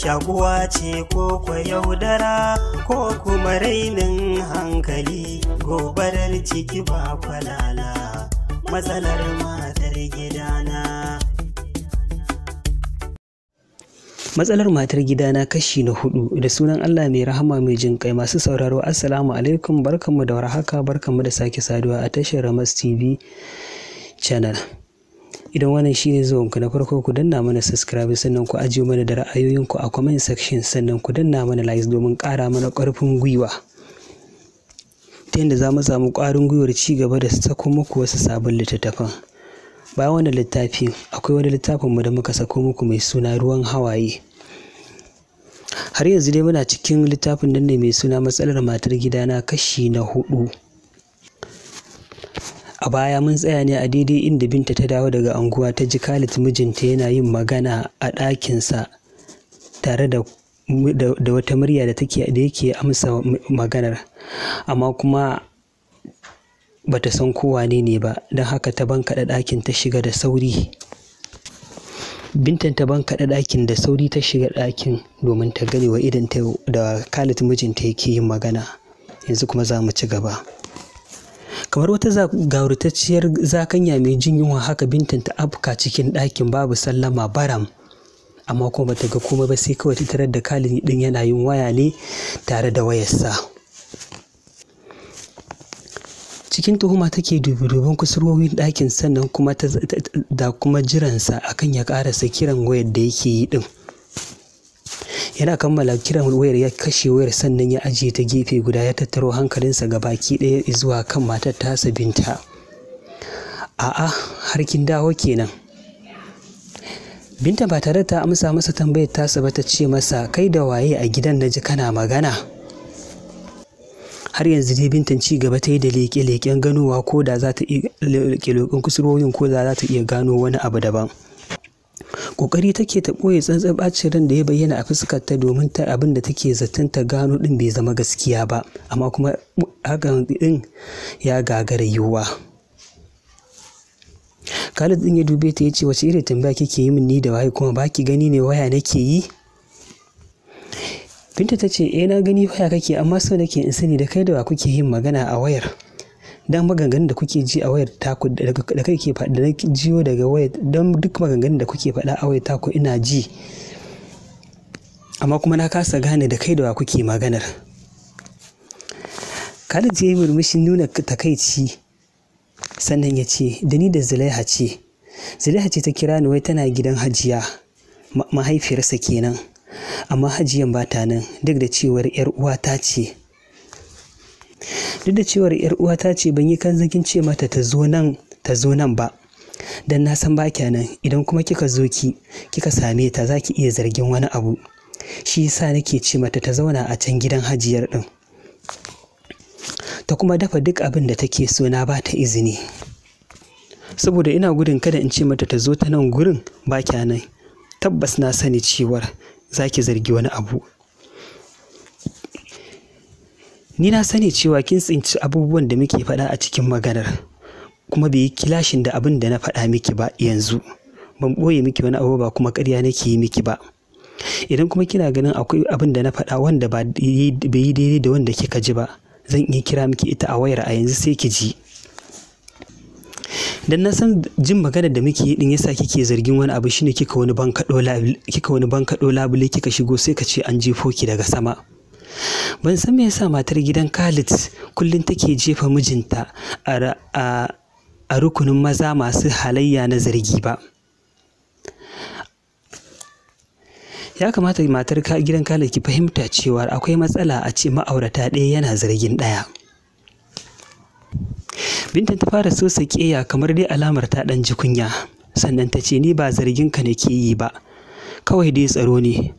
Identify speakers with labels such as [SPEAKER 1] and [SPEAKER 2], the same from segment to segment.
[SPEAKER 1] shaguwa ce ko kwa yaudara ko kuma rainin hankali gobarar ciki ba kwalala matsalar matar gidana matsalar matar gidana kashi na hudu da sunan Allah mai rahama mai jin kai masu sauraro assalamu alaikum barkanmu da warhaka barkanmu da sake saduwa a tashar Ramas TV channel idan wannan shi ne ku na farko ku danna mana subscribe sannan ku ajiye mana da ra'ayoyinku a comment section sannan ku danna mana likes domin ƙara mana ƙarfin gwiwa ta yadda za mu samu ƙwarin gwiwar ci gaba da sako muku wasu sabon littattafan bayan wannan littafi akwai wani littafin mu da muka sako muku mai suna ruwan hawaye har yanzu dai muna cikin littafin nan ne mai suna matsalar matar gidana kashi na hudu A baya mun tsaya ne a daidai inda Binta ta dawo daga anguwa ta ji Khalid mijinta yana yin magana a ɗakinsa tare da da wata murya da da yake amsa maganar amma kuma bata san kowa ne ne ba don haka ta da ɗakin ta shiga da sauri bintan ta bankaɗa ɗakin da sauri ta shiga ɗakin domin ta gani wa idan ta da Khalid mijinta yake yin magana yanzu kuma za mu ci gaba kamar wata gauritacciyar zakanya mai jin yunwa haka bintan ta afka cikin ɗakin babu sallama baram amma kuma bata ga komai ba sai kawai ta tarar da kalin din yana yin waya ne tare da wayarsa cikin tuhuma take dubi-duban kusurwowin ɗakin sannan kuma da kuma jiransa akan ya ƙarasa kiran wayar da yake yi din yana kammala kiran wayar ya kashe wayar sannan ya ajiye ta gefe guda ya tattaro hankalinsa ga baki ɗaya zuwa kan matar tasa binta a'a har kin dawo kenan binta ba tare ta amsa masa tambayar tasa ba ta ce masa kai da waye a gidan na ji kana magana har yanzu dai bintan ci gaba ta yi da leƙe-leƙen ganowa ko da za ta iya leƙen kusurwoyin ko da za ta iya gano wani abu daban kokari take ta ɓoye tsantsan ɓacin ran da ya bayyana a fuskar ta domin ta abin da take zaton ta gano ɗin bai zama gaskiya ba amma kuma hakan din ya gagara yiwuwa Khalid ɗin ya dube ta ya ce wace irin tambaya kike yi min ni da waye kuma baki gani ne waya nake yi Binta ta ce eh na gani waya kake amma sau nake in sani da kai da wa kuke yin magana a wayar dan maganganun da kuke ji a wayar taku da kai ke faɗa da jiyo daga wayar dan duk maganganun da kuke faɗa a wayar taku ina ji amma kuma na kasa gane da kai da wa kuke maganar Khalid ya yi murmushin nuna takaici sannan ya ce da ni da Zulaiha ce Zulaiha ce ta kira ni wai tana gidan Hajiya mahaifiyarsa kenan amma Hajiyan ba ta nan duk da cewar 'yar uwa ta ce duk da cewar yar uwata ce ban yi kanzakin ce mata ta zo nan ta zo nan ba dan na san ba nan idan kuma kika zo ki kika same ta za ki iya zargin wani abu shi yasa nake ce mata ta zauna a can gidan hajiyar din ta kuma dafa duk abin da take so na ba ta izini saboda ina gudun kada in ce mata ta zo ta nan gurin ba nan tabbas na sani cewar za ki zargi wani abu ni na sani cewa kin tsinci abubuwan da muke faɗa a cikin maganar kuma bai yi kilashin da abin da na faɗa miki ba yanzu ban ɓoye miki wani abu ba kuma ƙarya ke yi miki ba idan kuma kina ganin akwai abin da na faɗa wanda bai yi daidai da wanda kika ji ba zan iya kira miki ita a wayar a yanzu sai ki ji dan na san jin magana da muke yi din yasa kike zargin wani abu shine kika wani bankaɗo labule kika shigo sai ka ce an jefo ki daga sama ban san me yasa matar gidan khalid kullum take jefa mijinta a rukunin maza masu halayya na zargi ba ya kamata matar gidan khalid ki fahimta cewa akwai matsala a ce ma'aurata ɗaya yana zargin ɗaya binta ta fara so kamar dai alamar ta ɗan jikunya, sannan ta ce ni ba zargin ka ke yi ba kawai dai tsaro ne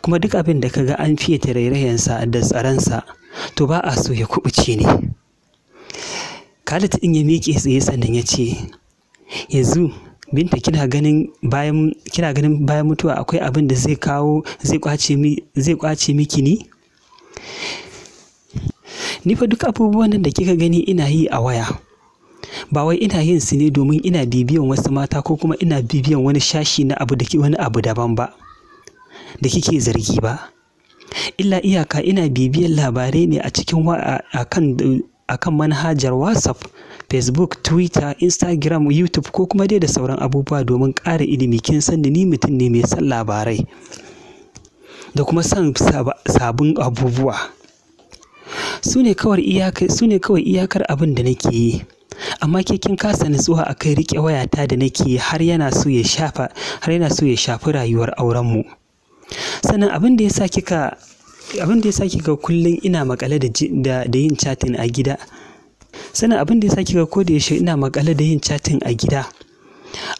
[SPEAKER 1] kuma duk abin da ga an fiye ta rairayensa da tsaransa to ba a so ya kubuce ne Khalid in ya miƙe tsaye sannan ya ce yanzu binta kina ganin bayan mutuwa akwai abin da zai kawo zai kwace mi zai miki ni ni fa duk abubuwan da kika gani ina yi a waya ba wai ina yin su ne domin ina bibiyan wasu mata ko kuma ina bibiyan wani shashi na abu da wani abu daban ba da kike zargi ba illa iyaka ina bibiyar labarai ne a cikin akan akan manhajar whatsapp facebook twitter instagram youtube ko kuma dai da sauran abubuwa domin ƙara ilimi kin san ni mutum ne mai son labarai da kuma son sabon abubuwa su ne kawai iyakar abin da nake yi amma ke kin kasa nutsuwa akan riƙe wayata da nake har yana so ya shafa har yana so ya shafi rayuwar aurenmu sannan abin da ya sa kika abin da kullum ina makale da yin chatting a gida sannan abin da ya sa kika ko da yaushe ina makale da yin chatting a gida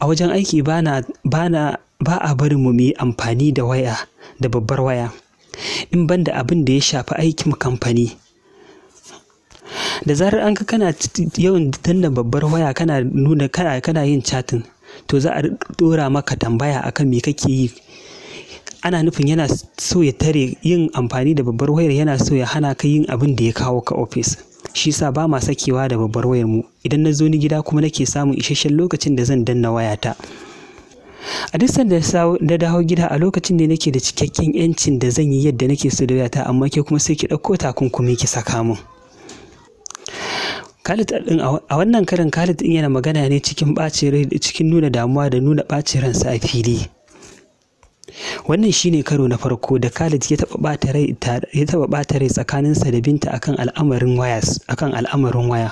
[SPEAKER 1] a wajen aiki bana bana ba a barin mu yi amfani da waya da babbar waya in banda abin da ya shafi aikin kamfani da zarar an ka kana yawan danna babbar waya kana nuna kana yin chatting to za a dora maka tambaya akan me kake yi ana nufin yana so ya tare yin amfani da babbar wayar yana so ya hana ka yin abin da ya kawo ka ofis shi sa ba ma sakewa da babbar wayar mu idan na zo ni gida kuma nake samun isasshen lokacin da zan danna wayata a duk sanda da dawo gida a lokacin da nake da cikakken yancin da zan yi yadda nake so da wayata amma ke kuma sai ki ɗauko takunkumi ki saka min Khalid din a wannan karin Khalid din yana magana ne cikin rai cikin nuna damuwa da nuna ɓacin ransa a fili wannan shine karo na farko da Khalid ya taba bata rai ya tsakaninsa da Binta akan al'amarin waya akan al'amarin waya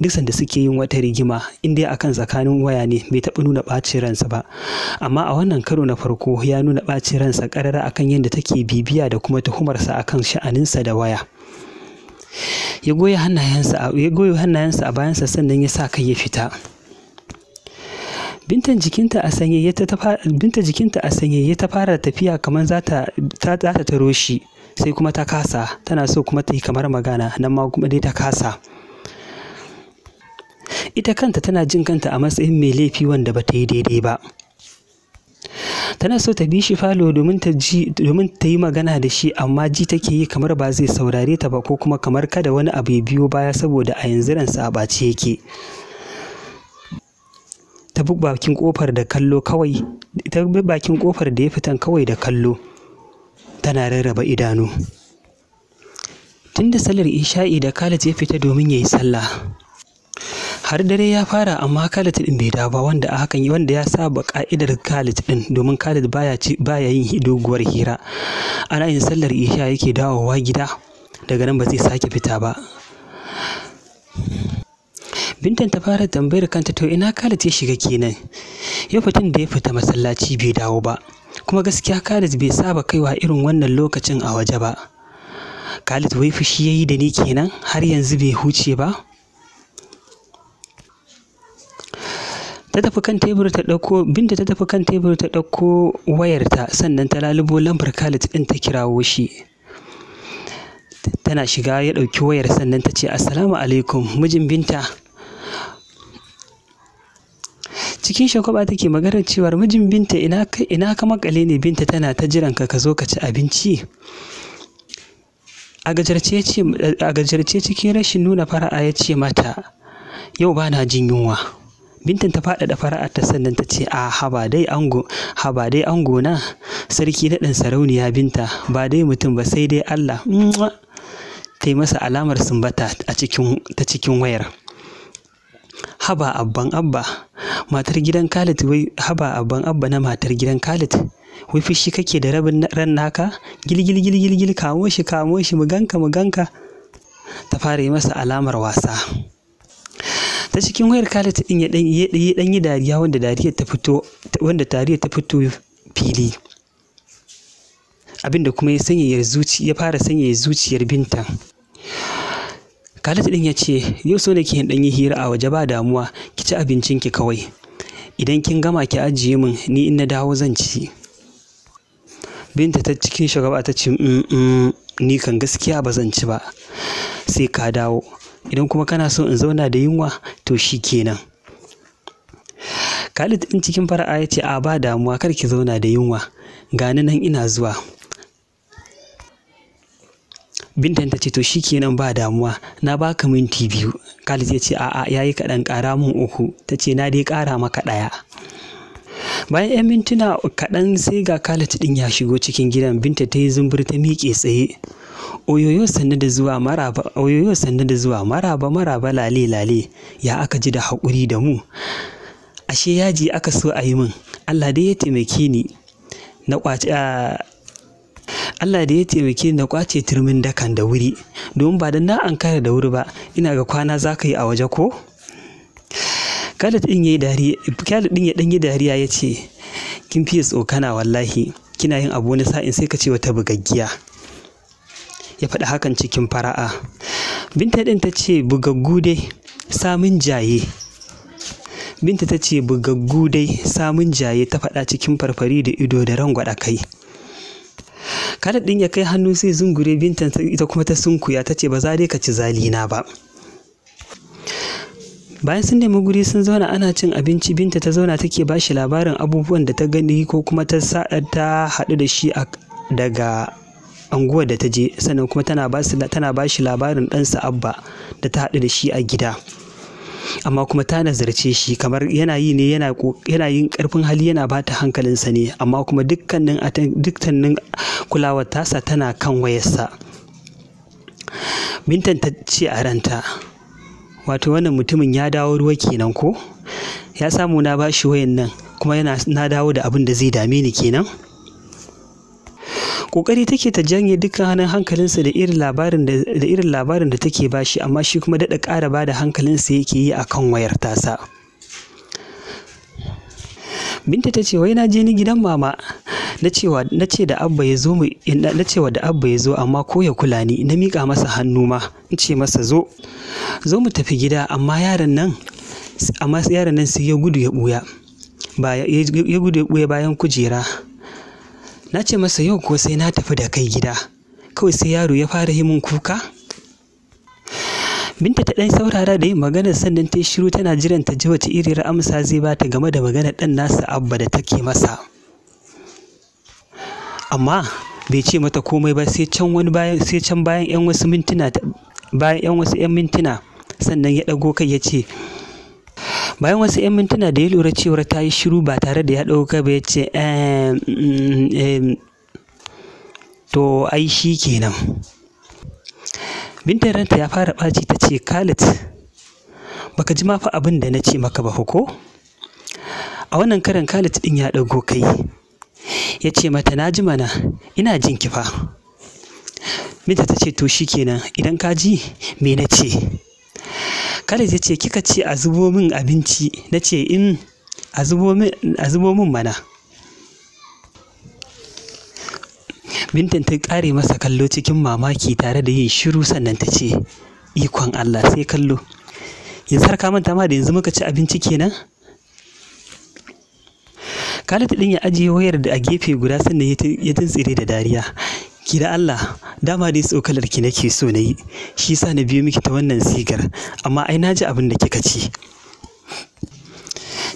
[SPEAKER 1] duk sanda suke yin wata rigima inda ya akan tsakanin waya ne bai taɓa nuna ɓacin ransa ba amma a wannan karo na farko ya nuna ɓacin ransa ƙarara akan yadda take bibiya da kuma tuhumarsa akan sha'aninsa da waya ya goya hannayensa a bayansa sannan ya sa kai ya fita Bintan jikinta a sanye ta binta jikinta a ta fara tafiya kamar za ta ta ta taro shi sai kuma ta kasa tana so kuma ta yi kamar magana nan ma kuma dai ta kasa. Ita kanta tana jin kanta a matsayin mai laifi wanda ba ta yi daidai ba. tana so ta bi shi falo domin ta yi magana da shi amma ji take yi kamar ba zai saurare ta ba ko kuma kamar kada wani abu ya biyo baya saboda a yanzu ransa a ɓace yake ta bi bakin kofar da kallo kawai ta bi bakin kofar da ya fitan kawai da kallo tana rarraba idanu tunda sallar isha'i da Khalid ya fita domin yayi sallah har dare ya fara amma Khalid din bai dawo ba wanda a hakan wanda ya saba ka'idar Khalid din domin Khalid baya baya yin doguwar hira ana yin sallar isha yake dawowa gida daga nan ba zai sake fita ba Bintan ta fara tambayar kanta to ina Khalid ya shiga kenan. Yau fitin da ya fita masallaci bai dawo ba. Kuma gaskiya Khalid bai saba kaiwa irin wannan lokacin a waje ba. Khalid wai fushi yayi da ni kenan har yanzu bai huce ba. ta tafi kan tebur ta ɗauko binta ta tafi kan tebur ta dauko wayarta sannan ta lalubo lambar Khalid ɗin ta kirawo shi tana shiga ya ɗauki wayar sannan ta ce assalamu alaikum mijin binta cikin shagwaba take maganar cewar mijin binta ina ka makale ne binta tana ta jiran ka ka zo ka ci abinci a gajarce cikin rashin nuna fara'a ya ce mata yau ba na jin yunwa Binta ta faɗaɗa fara'a ta sannan ta ce a ah, haba dai ango haba dai ango na sarki naɗin sarauniya binta ba dai mutum ba sai dai allah ta yi masa alamar sumbata ta cikin wayar Haba abban Abba, matar gidan Khalid wai haba abban Abba na matar gidan Khalid. Wai fushi kake da rabin ran naka? Gilgil gilgil gil kamo shi kamo shi mu ganka mu ganka. Ta fara yi masa alamar wasa. Ta cikin wayar Khalid din ya dan yi dariya wanda dariya ta fito wanda dariyar ta fito fili. Abinda kuma ya sanyaya zuci ya fara sanyaya zuciyar Binta. Khalid din ya ce yau so nake dan yi hira a waje ba damuwa ki ci abincin ki kawai idan kin gama ki ajiye min ni in na dawo zan ci Binta ta cikin shugaba ta ce ni kan gaskiya ba zan ci ba sai ka dawo idan kuma kana so in zauna da yunwa to shi kenan Khalid din cikin fara'a ya ce a ba damuwa kar ki zauna da yunwa gani nan ina zuwa binta ta ce to shikenan ba damuwa na baka minti biyu Khalid ya ce a'a yayi kaɗan ƙara mun uku ta ce na dai ƙara maka ɗaya. bayan 'yan mintuna kaɗan sai ga Khalid ɗin ya shigo cikin gidan binta ta yi zumbur ta miƙe tsaye oyoyo sannu da zuwa maraba oyoyo da zuwa maraba maraba lale lale ya aka ji da haƙuri da mu ashe yaji aka so a yi min Allah dai ya taimake ni na kwaci ah, Allah da ya taimake na kwace turmin dakan da wuri domin ba da na ankara da wuri ba ina ga kwana za ka yi a waje ko Khalid ɗin ya dan yi dariya yace kin fiye tsokana wallahi kina yin abu wani sa'in sai ka ce wata bugaggiya ya faɗi hakan cikin fara'a binta din ta ce bugaggu dai samun jaye binta ta ce bugaggu dai samun jaye ta faɗa cikin farfari da ido da rangwada kai kada ɗin ya kai hannu sai zungure bintan ita kuma ta sunkuya ta ce ba za dai ka ci zalina ba bayan sun nemi guri sun zauna ana cin abinci binta ta zauna take ba shi labarin abubuwan da ta gani ko kuma ta ta haɗu da shi daga anguwar da ta je sannan kuma tana ba shi labarin ɗansa abba da ta haɗu da shi a gida amma kuma ta nazarce shi kamar yana yi ne yana yin karfin hali yana ba ta hankalinsa ne amma kuma dukkanin kulawa tasa tana kan wayarsa bintan ta ce a ranta wato wannan mutumin ya dawo ruwa kenan ko ya samu na bashi wayan nan kuma yana na dawo da abin da zai dame ni kenan kokari take ta janye hannun hankalinsa da irin labarin da irin labarin da take bashi amma shi kuma daɗa ƙara da hankalinsa yake yi akan wayar tasa binta ta ce wai na je ni gidan mama na cewa ce da abba ya zo na cewa da abba ya zo amma ko ya kula ni na miƙa masa hannu ma in ce masa zo zo mu tafi gida amma yaran nan amma yaran nan sai ya gudu ya ɓuya ya gudu ya ɓuya bayan kujera na ce masa yau ko sai na tafi da kai gida kawai sai yaro ya fara yi min kuka binta ta ɗan saurara da yin maganar sannan ta yi shiru tana jiran ta ji wace iriyar amsa zai bata game da maganar ɗan nasa abba da take masa amma bai ce mata komai ba sai can wani bayan sai can bayan yan wasu mintuna bayan yan wasu yan mintuna sannan ya ɗago kai ya ce Bayan wasu 'yan mintuna da ya lura cewar ta yi shiru ba tare da ya ɗauka ba ya ce, eh, mm, mm, eh, To, ai shi kenan. Binta ranta ya fara ɓaci ta ce, Khalid, baka ji ma fa abin da na ce maka ba ko? A wannan karan Khalid ɗin ya ɗago kai. Ya ce mata, na ji mana, ina jin kifa. fa. ta ce, to shi kenan, idan ka ji, me na ce? Khalid ya ce kika ce a zubo min abinci na ce in a zubo min mana Bintan ta ƙare masa kallo cikin mamaki tare da yin shiru sannan ta ce ikon Allah sai kallo Ya sarka manta ma da yanzu muka ci abinci kenan Khalid din ya ajiye wayar da a gefe guda sannan ya tuntsire da dariya gida Allah dama dai tsokalar ki nake so na yi shi sa na biyo miki ta wannan sigar amma ai na ji abin da kika ci.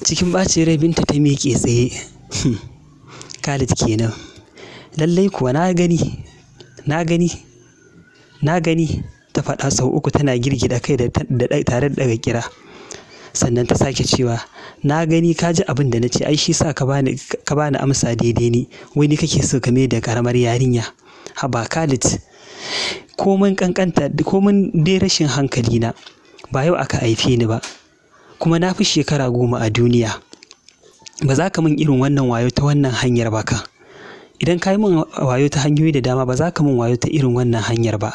[SPEAKER 1] cikin ɓacin rai binta ta miƙe tsaye hmm. Khalid kenan lallai kuwa na gani na gani na gani ta faɗa sau uku tana girgida kai da tare da daga kira sannan ta sake cewa na gani ka ji abin da na ce ai shi sa ka bani amsa daidai ni wai ni kake so ka mai da karamar yarinya haba Khalid komin kankanta komin dai rashin hankali na ba yau aka haife ni ba kuma na fi shekara goma a duniya ba za ka min irin wannan wayo ta wannan hanyar ba ka idan ka yi min wayo ta hanyoyi da dama ba za ka min wayo ta irin wannan hanyar ba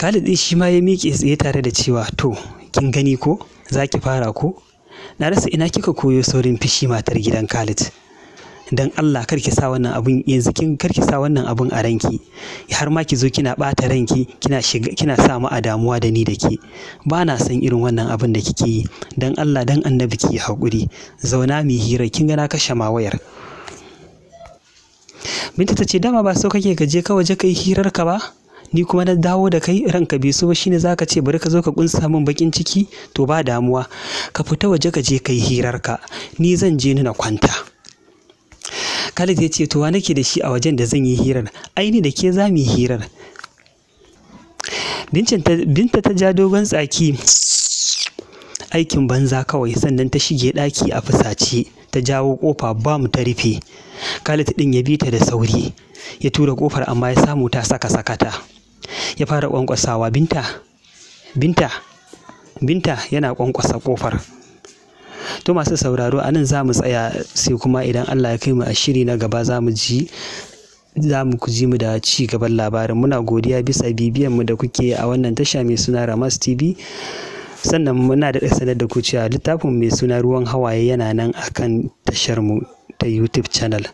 [SPEAKER 1] Khalid din shi ma ya miƙe tsaye tare da cewa to kin gani ko za ki fara ko na rasa ina kika koyo saurin fishi matar gidan Khalid dan Allah kar ki sa wannan abun yanzu kin kar sa wannan abun a ranki har ma ki zo kina bata ranki kina shiga kina sa mu a damuwa da ni da ke ba na san irin wannan abun da kike yi dan Allah dan annabi ki hakuri zauna mi hira kin ga na kashe ma wayar Binta ta ce dama ba so kake ka je ka waje kai hirar ka ba ni kuma na dawo da kai ranka bai so ba shine zaka ce bari ka zo ka kunsa min bakin ciki to ba damuwa ka fita waje ka je kai hirar ka ni zan je ni na kwanta Khalid ya ce to wa nake da shi a wajen da zan yi hirar aini da ke za mu yi hirar binta ta ja dogon tsaki aikin banza kawai sannan ta shige ɗaki a fusace ta jawo ƙofa ba mu ta rufe Khalid ɗin ya bi ta da sauri ya tura ƙofar amma ya samu ta saka sakata ya fara ƙwanƙwasawa binta binta binta yana ƙwanƙwasa ƙofar to masu sauraro a nan za mu tsaya sai kuma idan allah ya kai mu a shiri na gaba za mu ji za mu ji mu da ci gaban labarin muna godiya bisa bibiyan mu da kuke a wannan tasha mai suna ramas tv sannan muna da sanar da ku cewa littafin mai suna ruwan hawaye yana nan akan tashar mu ta youtube channel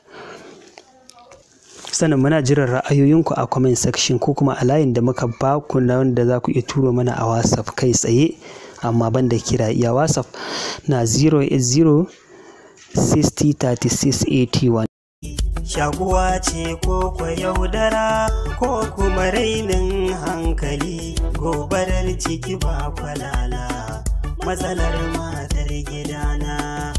[SPEAKER 1] sannan muna jiran ra'ayoyinku a comment section ko kuma a layin da muka ba ku na wanda za ku iya turo mana a whatsapp kai tsaye amma ban da kira iya WhatsApp na 080 60 36 81. Shaguwa ce ko yaudara ko kuma rainin hankali gobarar ciki ba kwalala matsalar matar gidana.